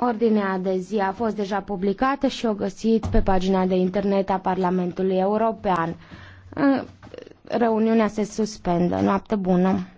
Ordinea de zi a fost deja publicată și o găsiți pe pagina de internet a Parlamentului European. Reuniunea se suspendă. Noapte bună!